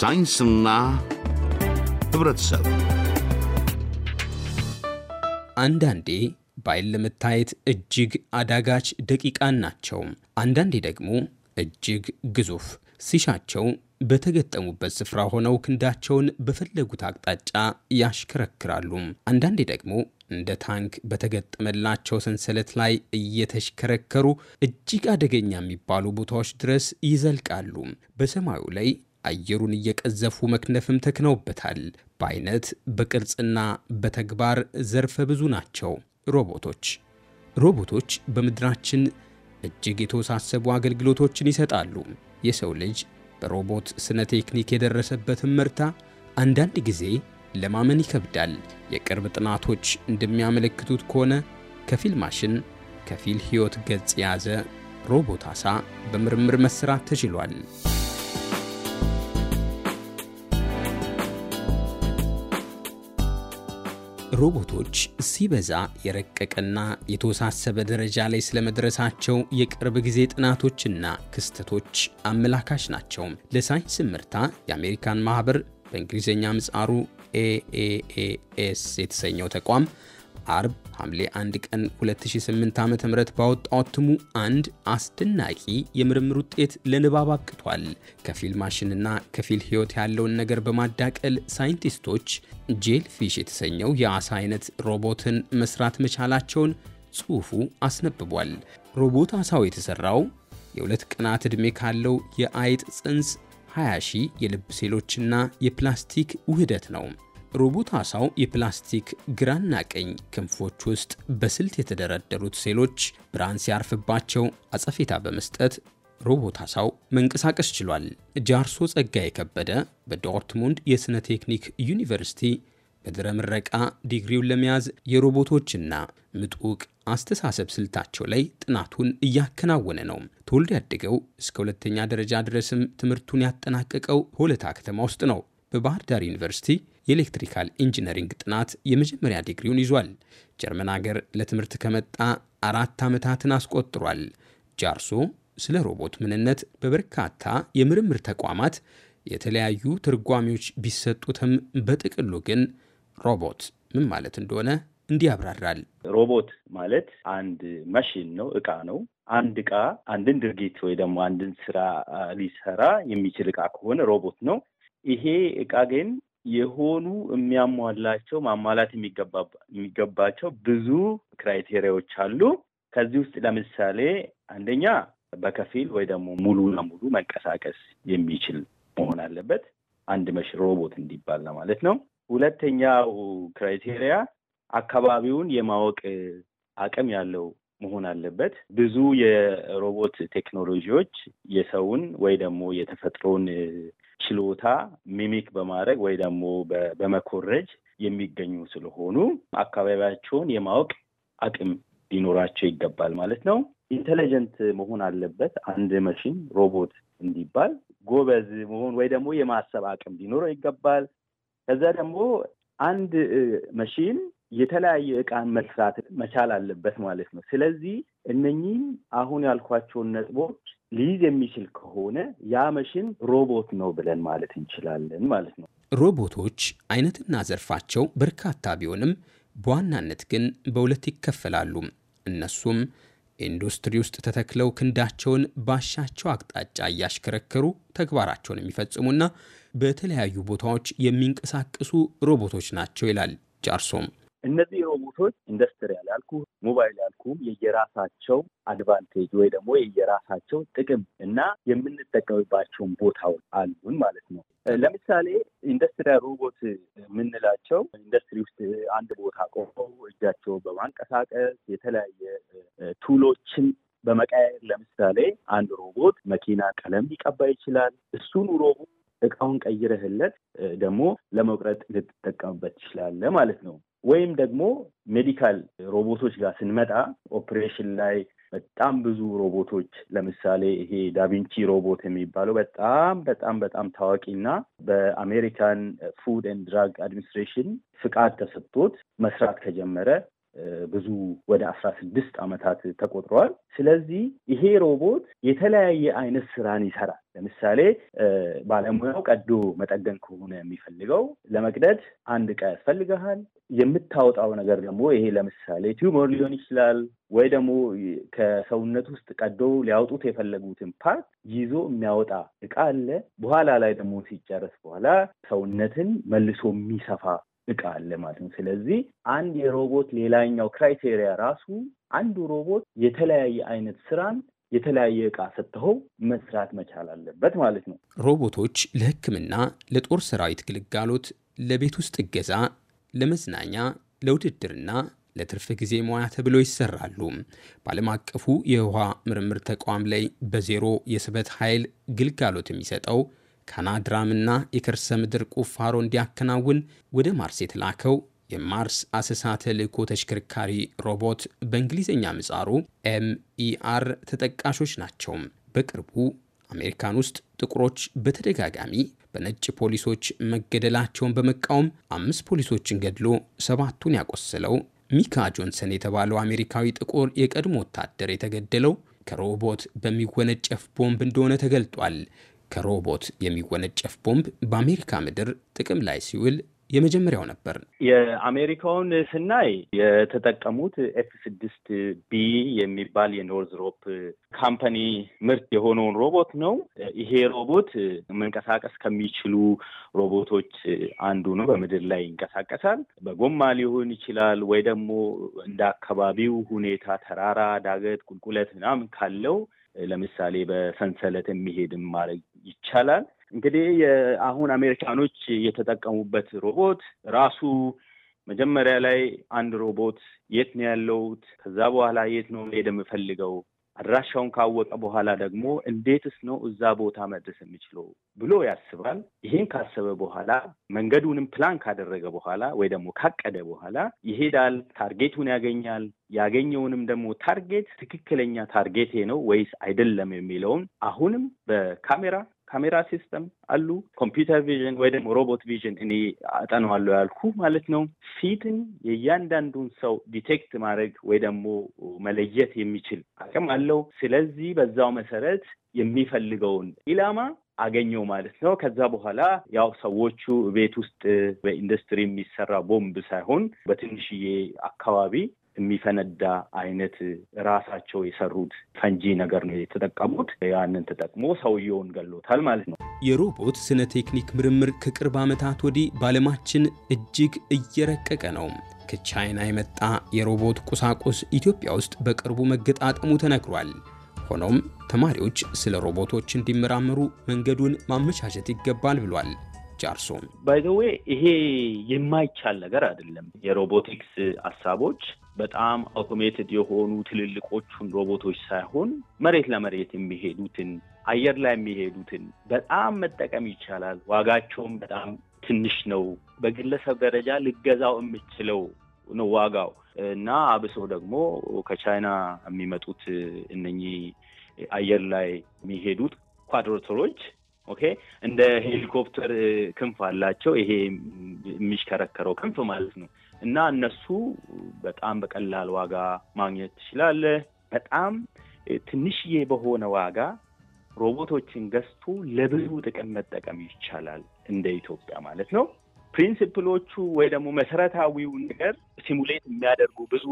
ሳይንስና ህብረተሰብ አንዳንዴ ባይል ለመታየት እጅግ አዳጋች ደቂቃን ናቸው። አንዳንዴ ደግሞ እጅግ ግዙፍ ሲሻቸው በተገጠሙበት ስፍራ ሆነው ክንዳቸውን በፈለጉት አቅጣጫ ያሽከረክራሉ። አንዳንዴ ደግሞ እንደ ታንክ በተገጠመላቸው ሰንሰለት ላይ እየተሽከረከሩ እጅግ አደገኛ የሚባሉ ቦታዎች ድረስ ይዘልቃሉ። በሰማዩ ላይ አየሩን እየቀዘፉ መክነፍም ተክነውበታል። በአይነት በቅርጽና በተግባር ዘርፈ ብዙ ናቸው ሮቦቶች። ሮቦቶች በምድራችን እጅግ የተወሳሰቡ አገልግሎቶችን ይሰጣሉ። የሰው ልጅ በሮቦት ስነ ቴክኒክ የደረሰበትን መርታ አንዳንድ ጊዜ ለማመን ይከብዳል። የቅርብ ጥናቶች እንደሚያመለክቱት ከሆነ ከፊል ማሽን ከፊል ሕይወት ገጽ የያዘ ሮቦት አሳ በምርምር መሥራት ተችሏል። ሮቦቶች ሲበዛ የረቀቀና የተወሳሰበ ደረጃ ላይ ስለመድረሳቸው የቅርብ ጊዜ ጥናቶችና ክስተቶች አመላካች ናቸው። ለሳይንስ ምርታ የአሜሪካን ማህበር በእንግሊዝኛ ምጻሩ ኤኤኤኤስ የተሰኘው ተቋም አርብ ሐምሌ 1 ቀን 2008 ም ባወጣው እትሙ አንድ አስደናቂ የምርምር ውጤት ለንባብ አብቅቷል። ከፊል ማሽንና ከፊል ሕይወት ያለውን ነገር በማዳቀል ሳይንቲስቶች ጄል ፊሽ የተሰኘው የዓሳ አይነት ሮቦትን መስራት መቻላቸውን ጽሑፉ አስነብቧል። ሮቦት ዓሣው የተሠራው የሁለት ቀናት ዕድሜ ካለው የአይጥ ጽንስ 20 ሺህ የልብ ሴሎችና የፕላስቲክ ውህደት ነው። ሮቦት አሳው የፕላስቲክ ግራና ቀኝ ክንፎች ውስጥ በስልት የተደረደሩት ሴሎች ብርሃን ሲያርፍባቸው አጸፌታ በመስጠት ሮቦት አሳው መንቀሳቀስ ችሏል። ጃርሶ ጸጋ የከበደ በዶርትሙንድ የሥነ ቴክኒክ ዩኒቨርሲቲ በድረ ምረቃ ዲግሪውን ለመያዝ የሮቦቶችና ምጡቅ አስተሳሰብ ስልታቸው ላይ ጥናቱን እያከናወነ ነው። ተወልዶ ያደገው እስከ ሁለተኛ ደረጃ ድረስም ትምህርቱን ያጠናቀቀው ሆለታ ከተማ ውስጥ ነው። በባህር ዳር ዩኒቨርሲቲ የኤሌክትሪካል ኢንጂነሪንግ ጥናት የመጀመሪያ ዲግሪውን ይዟል። ጀርመን አገር ለትምህርት ከመጣ አራት ዓመታትን አስቆጥሯል። ጃርሶ ስለ ሮቦት ምንነት በበርካታ የምርምር ተቋማት የተለያዩ ትርጓሚዎች ቢሰጡትም በጥቅሉ ግን ሮቦት ምን ማለት እንደሆነ እንዲህ ያብራራል። ሮቦት ማለት አንድ መሽን ነው፣ እቃ ነው። አንድ እቃ አንድን ድርጊት ወይ ደግሞ አንድን ስራ ሊሰራ የሚችል እቃ ከሆነ ሮቦት ነው። ይሄ እቃ ግን የሆኑ የሚያሟላቸው ማሟላት የሚገባቸው ብዙ ክራይቴሪያዎች አሉ። ከዚህ ውስጥ ለምሳሌ አንደኛ በከፊል ወይ ደግሞ ሙሉ ለሙሉ መንቀሳቀስ የሚችል መሆን አለበት። አንድ መሽን ሮቦት እንዲባል ለማለት ነው። ሁለተኛው ክራይቴሪያ አካባቢውን የማወቅ አቅም ያለው መሆን አለበት። ብዙ የሮቦት ቴክኖሎጂዎች የሰውን ወይ ደግሞ የተፈጥሮን ችሎታ ሚሚክ በማድረግ ወይ ደግሞ በመኮረጅ የሚገኙ ስለሆኑ አካባቢያቸውን የማወቅ አቅም ሊኖራቸው ይገባል ማለት ነው። ኢንቴሊጀንት መሆን አለበት። አንድ መሽን ሮቦት እንዲባል ጎበዝ መሆን ወይ ደግሞ የማሰብ አቅም ሊኖረው ይገባል። ከዛ ደግሞ አንድ መሺን የተለያየ እቃን መስራት መቻል አለበት ማለት ነው። ስለዚህ እነኚህም አሁን ያልኳቸውን ነጥቦች ሊይዝ የሚችል ከሆነ ያ መሽን ሮቦት ነው ብለን ማለት እንችላለን ማለት ነው። ሮቦቶች አይነትና ዘርፋቸው በርካታ ቢሆንም በዋናነት ግን በሁለት ይከፈላሉ። እነሱም ኢንዱስትሪ ውስጥ ተተክለው ክንዳቸውን ባሻቸው አቅጣጫ እያሽከረከሩ ተግባራቸውን የሚፈጽሙና በተለያዩ ቦታዎች የሚንቀሳቀሱ ሮቦቶች ናቸው ይላል ጃርሶም። እነዚህ ሮቦቶች ኢንዱስትሪያል ያልኩ ሞባይል ያልኩ የየራሳቸው አድቫንቴጅ ወይ ደግሞ የየራሳቸው ጥቅም እና የምንጠቀምባቸውን ቦታዎች አሉን ማለት ነው። ለምሳሌ ኢንዱስትሪያል ሮቦት የምንላቸው ኢንዱስትሪ ውስጥ አንድ ቦታ ቆመው እጃቸው በማንቀሳቀስ የተለያየ ቱሎችን በመቀያየር ለምሳሌ አንድ ሮቦት መኪና ቀለም ሊቀባ ይችላል። እሱን ሮቦት እቃውን ቀይረህለት ደግሞ ለመቁረጥ ልትጠቀምበት ትችላለህ ማለት ነው። ወይም ደግሞ ሜዲካል ሮቦቶች ጋር ስንመጣ ኦፕሬሽን ላይ በጣም ብዙ ሮቦቶች ለምሳሌ ይሄ ዳቪንቺ ሮቦት የሚባለው በጣም በጣም በጣም ታዋቂ እና በአሜሪካን ፉድ ኤንድ ድራግ አድሚኒስትሬሽን ፍቃድ ተሰጥቶት መስራት ከጀመረ ብዙ ወደ አስራ ስድስት ዓመታት ተቆጥረዋል። ስለዚህ ይሄ ሮቦት የተለያየ አይነት ስራን ይሰራል። ለምሳሌ ባለሙያው ቀዶ መጠገን ከሆነ የሚፈልገው ለመቅደድ አንድ ዕቃ ያስፈልግሃል። የምታወጣው ነገር ደግሞ ይሄ ለምሳሌ ቲዩመር ሊሆን ይችላል ወይ ደግሞ ከሰውነት ውስጥ ቀዶ ሊያወጡት የፈለጉትን ፓርት ይዞ የሚያወጣ እቃ አለ። በኋላ ላይ ደግሞ ሲጨረስ በኋላ ሰውነትን መልሶ የሚሰፋ እቃ አለ ማለት ነው። ስለዚህ አንድ የሮቦት ሌላኛው ክራይቴሪያ ራሱ አንዱ ሮቦት የተለያየ አይነት ስራን የተለያየ እቃ ሰጥተው መስራት መቻል አለበት ማለት ነው። ሮቦቶች ለሕክምና፣ ለጦር ሰራዊት ግልጋሎት፣ ለቤት ውስጥ እገዛ፣ ለመዝናኛ፣ ለውድድርና ለትርፍ ጊዜ ሙያ ተብለው ይሰራሉ። በዓለም አቀፉ የውሃ ምርምር ተቋም ላይ በዜሮ የስበት ኃይል ግልጋሎት የሚሰጠው ካናድራምና የከርሰ ምድር ቁፋሮ እንዲያከናውን ወደ ማርስ የተላከው የማርስ አሰሳ ተልእኮ ተሽከርካሪ ሮቦት በእንግሊዝኛ ምጻሩ ኤምኢአር ተጠቃሾች ናቸው። በቅርቡ አሜሪካን ውስጥ ጥቁሮች በተደጋጋሚ በነጭ ፖሊሶች መገደላቸውን በመቃወም አምስት ፖሊሶችን ገድሎ ሰባቱን ያቆሰለው ሚካ ጆንሰን የተባለው አሜሪካዊ ጥቁር የቀድሞ ወታደር የተገደለው ከሮቦት በሚወነጨፍ ቦምብ እንደሆነ ተገልጧል። ከሮቦት የሚወነጨፍ ቦምብ በአሜሪካ ምድር ጥቅም ላይ ሲውል የመጀመሪያው ነበር። የአሜሪካውን ስናይ የተጠቀሙት ኤፍ ስድስት ቢ የሚባል የኖርዝሮፕ ካምፓኒ ምርት የሆነውን ሮቦት ነው። ይሄ ሮቦት መንቀሳቀስ ከሚችሉ ሮቦቶች አንዱ ነው። በምድር ላይ ይንቀሳቀሳል። በጎማ ሊሆን ይችላል ወይ ደግሞ እንደ አካባቢው ሁኔታ ተራራ፣ ዳገት፣ ቁልቁለት ምናምን ካለው ለምሳሌ በሰንሰለት የሚሄድም ማድረግ ይቻላል። እንግዲህ አሁን አሜሪካኖች የተጠቀሙበት ሮቦት ራሱ መጀመሪያ ላይ አንድ ሮቦት የት ነው ያለሁት፣ ከዛ በኋላ የት ነው መሄድ የምፈልገው አድራሻውን ካወቀ በኋላ ደግሞ እንዴትስ ነው እዛ ቦታ መድረስ የሚችለው ብሎ ያስባል። ይህን ካሰበ በኋላ መንገዱንም ፕላን ካደረገ በኋላ ወይ ደግሞ ካቀደ በኋላ ይሄዳል። ታርጌቱን ያገኛል። ያገኘውንም ደግሞ ታርጌት ትክክለኛ ታርጌቴ ነው ወይስ አይደለም የሚለውን አሁንም በካሜራ ካሜራ ሲስተም አሉ። ኮምፒውተር ቪዥን ወይ ደግሞ ሮቦት ቪዥን እኔ አጠናዋለሁ ያልኩ ማለት ነው። ፊትን የእያንዳንዱን ሰው ዲቴክት ማድረግ ወይ ደግሞ መለየት የሚችል አቅም አለው። ስለዚህ በዛው መሰረት የሚፈልገውን ኢላማ አገኘው ማለት ነው። ከዛ በኋላ ያው ሰዎቹ ቤት ውስጥ በኢንዱስትሪ የሚሰራ ቦምብ ሳይሆን በትንሽዬ አካባቢ የሚፈነዳ አይነት ራሳቸው የሰሩት ፈንጂ ነገር ነው የተጠቀሙት። ያንን ተጠቅሞ ሰውየውን ገሎታል ማለት ነው። የሮቦት ስነ ቴክኒክ ምርምር ከቅርብ ዓመታት ወዲህ በዓለማችን እጅግ እየረቀቀ ነው። ከቻይና የመጣ የሮቦት ቁሳቁስ ኢትዮጵያ ውስጥ በቅርቡ መገጣጠሙ ተነግሯል። ሆኖም ተማሪዎች ስለ ሮቦቶች እንዲመራመሩ መንገዱን ማመቻቸት ይገባል ብሏል ጃርሶ ባይዘዌ ይሄ የማይቻል ነገር አይደለም። የሮቦቲክስ ሀሳቦች በጣም አውቶሜትድ የሆኑ ትልልቆቹን ሮቦቶች ሳይሆን መሬት ለመሬት የሚሄዱትን አየር ላይ የሚሄዱትን በጣም መጠቀም ይቻላል። ዋጋቸውም በጣም ትንሽ ነው። በግለሰብ ደረጃ ልገዛው የምችለው ነው ዋጋው እና አብሶ ደግሞ ከቻይና የሚመጡት እነኚህ አየር ላይ የሚሄዱት ኳድሮተሮች ኦኬ እንደ ሄሊኮፕተር ክንፍ አላቸው። ይሄ የሚሽከረከረው ክንፍ ማለት ነው። እና እነሱ በጣም በቀላል ዋጋ ማግኘት ትችላለህ። በጣም ትንሽዬ በሆነ ዋጋ ሮቦቶችን ገዝቶ ለብዙ ጥቅም መጠቀም ይቻላል፣ እንደ ኢትዮጵያ ማለት ነው። ፕሪንስፕሎቹ ወይ ደግሞ መሰረታዊው ነገር ሲሙሌት የሚያደርጉ ብዙ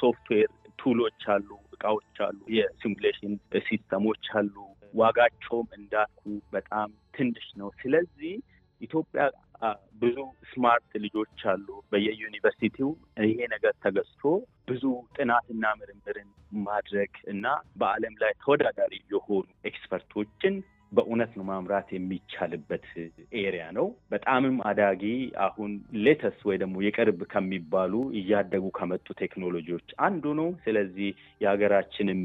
ሶፍትዌር ቱሎች አሉ፣ እቃዎች አሉ፣ የሲሙሌሽን ሲስተሞች አሉ። ዋጋቸውም እንዳልኩ በጣም ትንሽ ነው። ስለዚህ ኢትዮጵያ ብዙ ስማርት ልጆች አሉ። በየዩኒቨርሲቲው ይሄ ነገር ተገዝቶ ብዙ ጥናትና ምርምርን ማድረግ እና በዓለም ላይ ተወዳዳሪ የሆኑ ኤክስፐርቶችን በእውነት ነው ማምራት የሚቻልበት ኤሪያ ነው። በጣምም አዳጊ አሁን ሌተስ ወይ ደግሞ የቅርብ ከሚባሉ እያደጉ ከመጡ ቴክኖሎጂዎች አንዱ ነው። ስለዚህ የሀገራችንም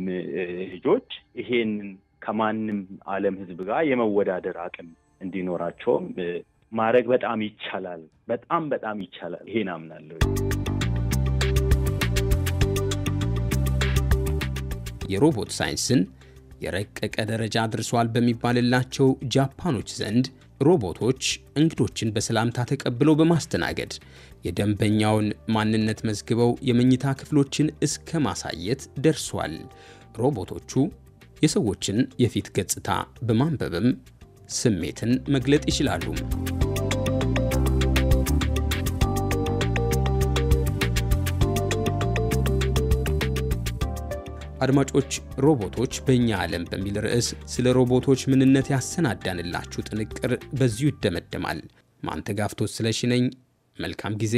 ልጆች ይሄንን ከማንም ዓለም ህዝብ ጋር የመወዳደር አቅም እንዲኖራቸውም ማድረግ በጣም ይቻላል። በጣም በጣም ይቻላል። ይሄን አምናለሁ። የሮቦት ሳይንስን የረቀቀ ደረጃ አድርሷል በሚባልላቸው ጃፓኖች ዘንድ ሮቦቶች እንግዶችን በሰላምታ ተቀብለው በማስተናገድ የደንበኛውን ማንነት መዝግበው የመኝታ ክፍሎችን እስከ ማሳየት ደርሷል። ሮቦቶቹ የሰዎችን የፊት ገጽታ በማንበብም ስሜትን መግለጥ ይችላሉ። አድማጮች፣ ሮቦቶች በእኛ ዓለም በሚል ርዕስ ስለ ሮቦቶች ምንነት ያሰናዳንላችሁ ጥንቅር በዚሁ ይደመደማል። ማንተጋፍቶት ስለሺ ነኝ። መልካም ጊዜ።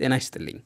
ጤና ይስጥልኝ።